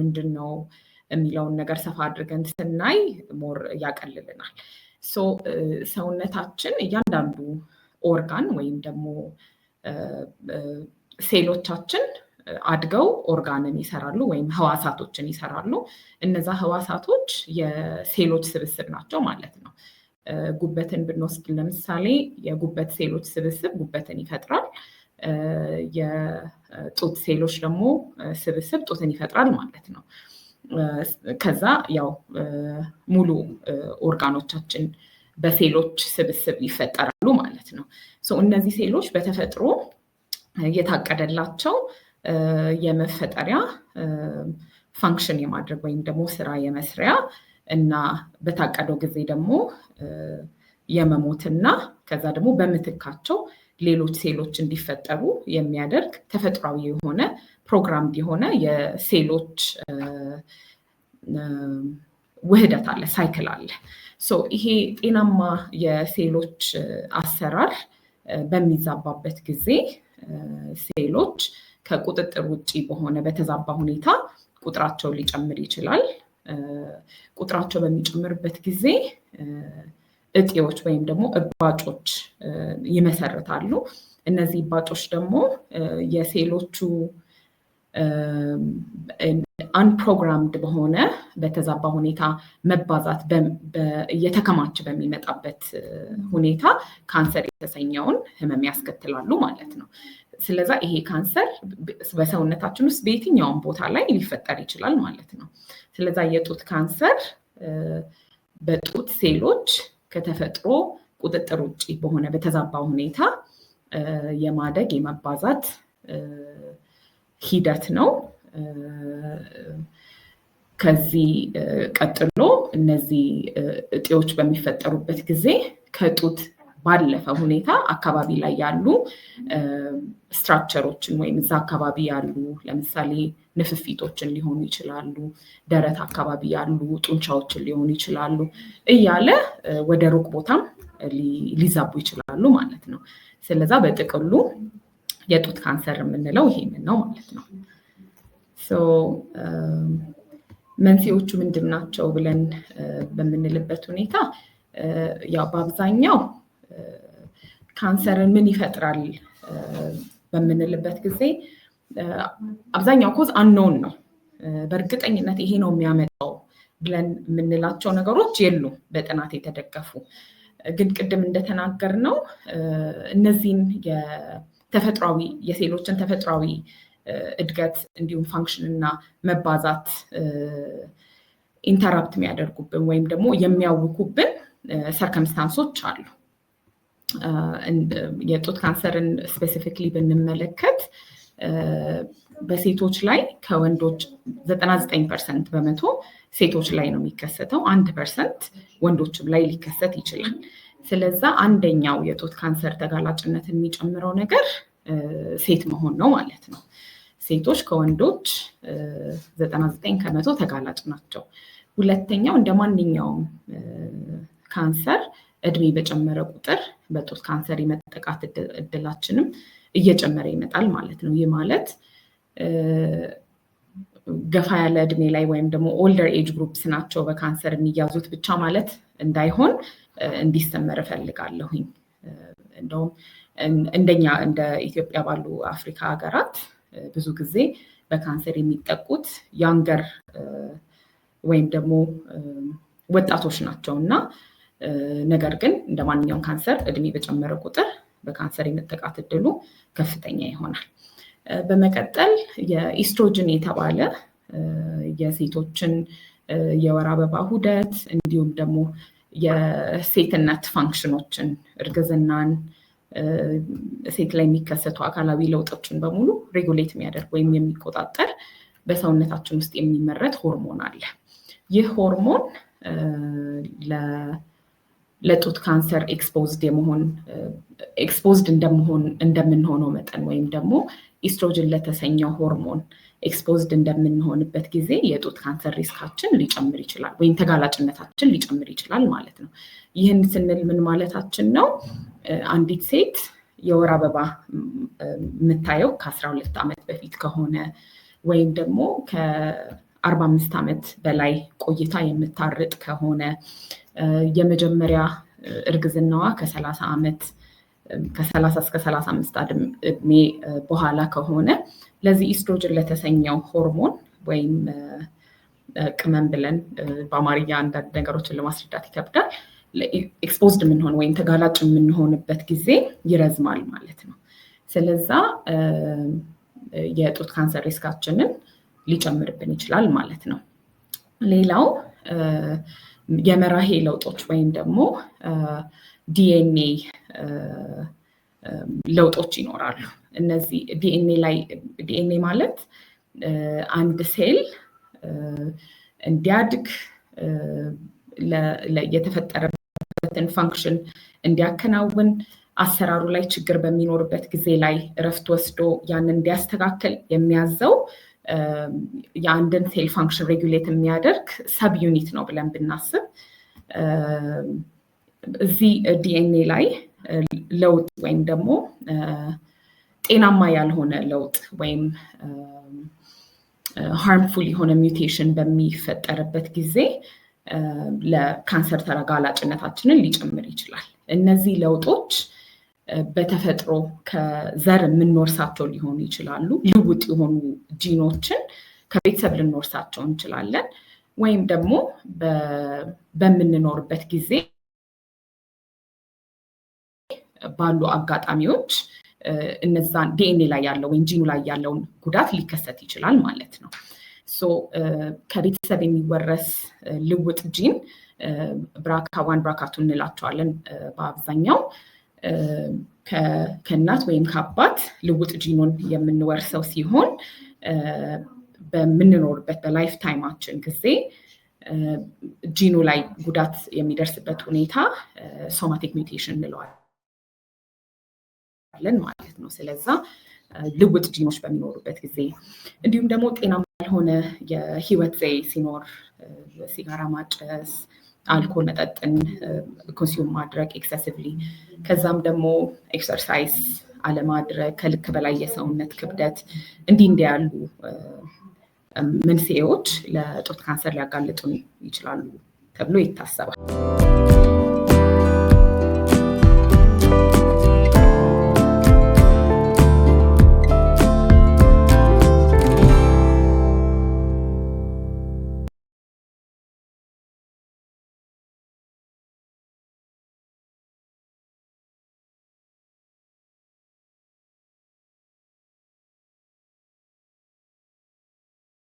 ለምንድን ነው የሚለውን ነገር ሰፋ አድርገን ስናይ ሞር ያቀልልናል። ሶ ሰውነታችን እያንዳንዱ ኦርጋን ወይም ደግሞ ሴሎቻችን አድገው ኦርጋንን ይሰራሉ ወይም ህዋሳቶችን ይሰራሉ። እነዛ ህዋሳቶች የሴሎች ስብስብ ናቸው ማለት ነው። ጉበትን ብንወስድ ለምሳሌ የጉበት ሴሎች ስብስብ ጉበትን ይፈጥራል። የጡት ሴሎች ደግሞ ስብስብ ጡትን ይፈጥራል ማለት ነው። ከዛ ያው ሙሉ ኦርጋኖቻችን በሴሎች ስብስብ ይፈጠራሉ ማለት ነው። እነዚህ ሴሎች በተፈጥሮ የታቀደላቸው የመፈጠሪያ ፋንክሽን የማድረግ ወይም ደግሞ ስራ የመስሪያ እና በታቀደው ጊዜ ደግሞ የመሞትና ከዛ ደግሞ በምትካቸው ሌሎች ሴሎች እንዲፈጠሩ የሚያደርግ ተፈጥሯዊ የሆነ ፕሮግራም የሆነ የሴሎች ውህደት አለ፣ ሳይክል አለ። ይሄ ጤናማ የሴሎች አሰራር በሚዛባበት ጊዜ ሴሎች ከቁጥጥር ውጭ በሆነ በተዛባ ሁኔታ ቁጥራቸው ሊጨምር ይችላል። ቁጥራቸው በሚጨምርበት ጊዜ እጤዎች ወይም ደግሞ እባጮች ይመሰርታሉ። እነዚህ እባጮች ደግሞ የሴሎቹ አንፕሮግራምድ በሆነ በተዛባ ሁኔታ መባዛት እየተከማች በሚመጣበት ሁኔታ ካንሰር የተሰኘውን ህመም ያስከትላሉ ማለት ነው። ስለዛ ይሄ ካንሰር በሰውነታችን ውስጥ በየትኛውም ቦታ ላይ ሊፈጠር ይችላል ማለት ነው። ስለዛ የጡት ካንሰር በጡት ሴሎች ከተፈጥሮ ቁጥጥር ውጭ በሆነ በተዛባ ሁኔታ የማደግ የመባዛት ሂደት ነው። ከዚህ ቀጥሎ እነዚህ እጢዎች በሚፈጠሩበት ጊዜ ከጡት ባለፈ ሁኔታ አካባቢ ላይ ያሉ ስትራክቸሮችን ወይም እዛ አካባቢ ያሉ ለምሳሌ ንፍፊቶችን ሊሆኑ ይችላሉ፣ ደረት አካባቢ ያሉ ጡንቻዎችን ሊሆኑ ይችላሉ እያለ ወደ ሩቅ ቦታም ሊዛቡ ይችላሉ ማለት ነው። ስለዛ በጥቅሉ የጡት ካንሰር የምንለው ይሄንን ነው ማለት ነው። መንስኤዎቹ ምንድን ናቸው ብለን በምንልበት ሁኔታ ያው በአብዛኛው ካንሰርን ምን ይፈጥራል በምንልበት ጊዜ አብዛኛው ኮዝ አንኖውን ነው። በእርግጠኝነት ይሄ ነው የሚያመጣው ብለን የምንላቸው ነገሮች የሉ በጥናት የተደገፉ። ግን ቅድም እንደተናገር ነው እነዚህን የተፈጥሯዊ የሴሎችን ተፈጥሯዊ እድገት እንዲሁም ፋንክሽን እና መባዛት ኢንተራፕት የሚያደርጉብን ወይም ደግሞ የሚያውኩብን ሰርከምስታንሶች አሉ። የጡት uh, um, ካንሰርን ስፔሲፊክሊ ብንመለከት uh, በሴቶች ላይ ከወንዶች 99 ፐርሰንት በመቶ ሴቶች ላይ ነው የሚከሰተው። አንድ ፐርሰንት ወንዶችም ላይ ሊከሰት ይችላል። ስለዛ አንደኛው የጡት ካንሰር ተጋላጭነት የሚጨምረው ነገር uh, ሴት መሆን ነው ማለት ነው። ሴቶች ከወንዶች 99 ከመቶ ተጋላጭ ናቸው። ሁለተኛው እንደ ማንኛውም ካንሰር እድሜ በጨመረ ቁጥር በጡት ካንሰር የመጠቃት እድላችንም እየጨመረ ይመጣል ማለት ነው። ይህ ማለት ገፋ ያለ እድሜ ላይ ወይም ደግሞ ኦልደር ኤጅ ግሩፕስ ናቸው በካንሰር የሚያዙት ብቻ ማለት እንዳይሆን እንዲሰመር እፈልጋለሁኝ። እንደውም እንደኛ እንደ ኢትዮጵያ ባሉ አፍሪካ ሀገራት ብዙ ጊዜ በካንሰር የሚጠቁት ያንገር ወይም ደግሞ ወጣቶች ናቸው እና ነገር ግን እንደ ማንኛውም ካንሰር እድሜ በጨመረ ቁጥር በካንሰር የመጠቃት እድሉ ከፍተኛ ይሆናል። በመቀጠል የኢስትሮጅን የተባለ የሴቶችን የወር አበባ ሂደት እንዲሁም ደግሞ የሴትነት ፋንክሽኖችን እርግዝናን፣ ሴት ላይ የሚከሰቱ አካላዊ ለውጦችን በሙሉ ሬጉሌት የሚያደርግ ወይም የሚቆጣጠር በሰውነታችን ውስጥ የሚመረት ሆርሞን አለ። ይህ ሆርሞን ለጡት ካንሰር ኤክስፖዝድ የመሆን ኤክስፖዝድ እንደመሆን እንደምንሆነው መጠን ወይም ደግሞ ኢስትሮጅን ለተሰኘው ሆርሞን ኤክስፖዝድ እንደምንሆንበት ጊዜ የጡት ካንሰር ሪስካችን ሊጨምር ይችላል ወይም ተጋላጭነታችን ሊጨምር ይችላል ማለት ነው። ይህን ስንል ምን ማለታችን ነው? አንዲት ሴት የወር አበባ የምታየው ከአስራ ሁለት ዓመት በፊት ከሆነ ወይም ደግሞ ከአርባ አምስት ዓመት በላይ ቆይታ የምታርጥ ከሆነ የመጀመሪያ እርግዝናዋ ከ ዓመት ከሰላሳ እስከ ሰላሳ እድሜ በኋላ ከሆነ ለዚህ ኢስትሮጅን ለተሰኘው ሆርሞን ወይም ቅመም ብለን በአማርኛ አንዳንድ ነገሮችን ለማስረዳት ይከብዳል። ኤክስፖዝድ የምንሆን ወይም ተጋላጭ የምንሆንበት ጊዜ ይረዝማል ማለት ነው። ስለዛ የጡት ካንሰር ሪስካችንን ሊጨምርብን ይችላል ማለት ነው። ሌላው የመራሄ ለውጦች ወይም ደግሞ ዲኤንኤ ለውጦች ይኖራሉ። እነዚህ ዲኤንኤ ላይ ዲኤንኤ ማለት አንድ ሴል እንዲያድግ የተፈጠረበትን ፋንክሽን እንዲያከናውን አሰራሩ ላይ ችግር በሚኖርበት ጊዜ ላይ እረፍት ወስዶ ያንን እንዲያስተካከል የሚያዘው የአንድን ሴል ፋንክሽን ሬጉሌት የሚያደርግ ሰብ ዩኒት ነው ብለን ብናስብ እዚህ ዲኤንኤ ላይ ለውጥ ወይም ደግሞ ጤናማ ያልሆነ ለውጥ ወይም ሃርምፉል የሆነ ሚውቴሽን በሚፈጠርበት ጊዜ ለካንሰር ተረጋላጭነታችንን ሊጨምር ይችላል። እነዚህ ለውጦች በተፈጥሮ ከዘር የምንወርሳቸው ሊሆኑ ይችላሉ። ልውጥ የሆኑ ጂኖችን ከቤተሰብ ልንወርሳቸው እንችላለን። ወይም ደግሞ በምንኖርበት ጊዜ ባሉ አጋጣሚዎች እነዛን ዲኤንኤ ላይ ያለው ወይም ጂኑ ላይ ያለውን ጉዳት ሊከሰት ይችላል ማለት ነው። ሶ ከቤተሰብ የሚወረስ ልውጥ ጂን ብራካ ዋን ብራካቱ እንላቸዋለን በአብዛኛው ከእናት ወይም ከአባት ልውጥ ጂኖን የምንወርሰው ሲሆን በምንኖርበት በላይፍ ታይማችን ጊዜ ጂኑ ላይ ጉዳት የሚደርስበት ሁኔታ ሶማቲክ ሚውቴሽን እንለዋለን ማለት ነው። ስለዛ ልውጥ ጂኖች በሚኖሩበት ጊዜ እንዲሁም ደግሞ ጤናማ ያልሆነ የህይወት ዘይ ሲኖር ሲጋራ ማጨስ አልኮል መጠጥን ኮንሱም ማድረግ ኤክሰሲቭሊ፣ ከዛም ደግሞ ኤክሰርሳይዝ አለማድረግ፣ ከልክ በላይ የሰውነት ክብደት እንዲህ እንዲህ ያሉ መንስኤዎች ለጡት ካንሰር ሊያጋልጡን ይችላሉ ተብሎ ይታሰባል።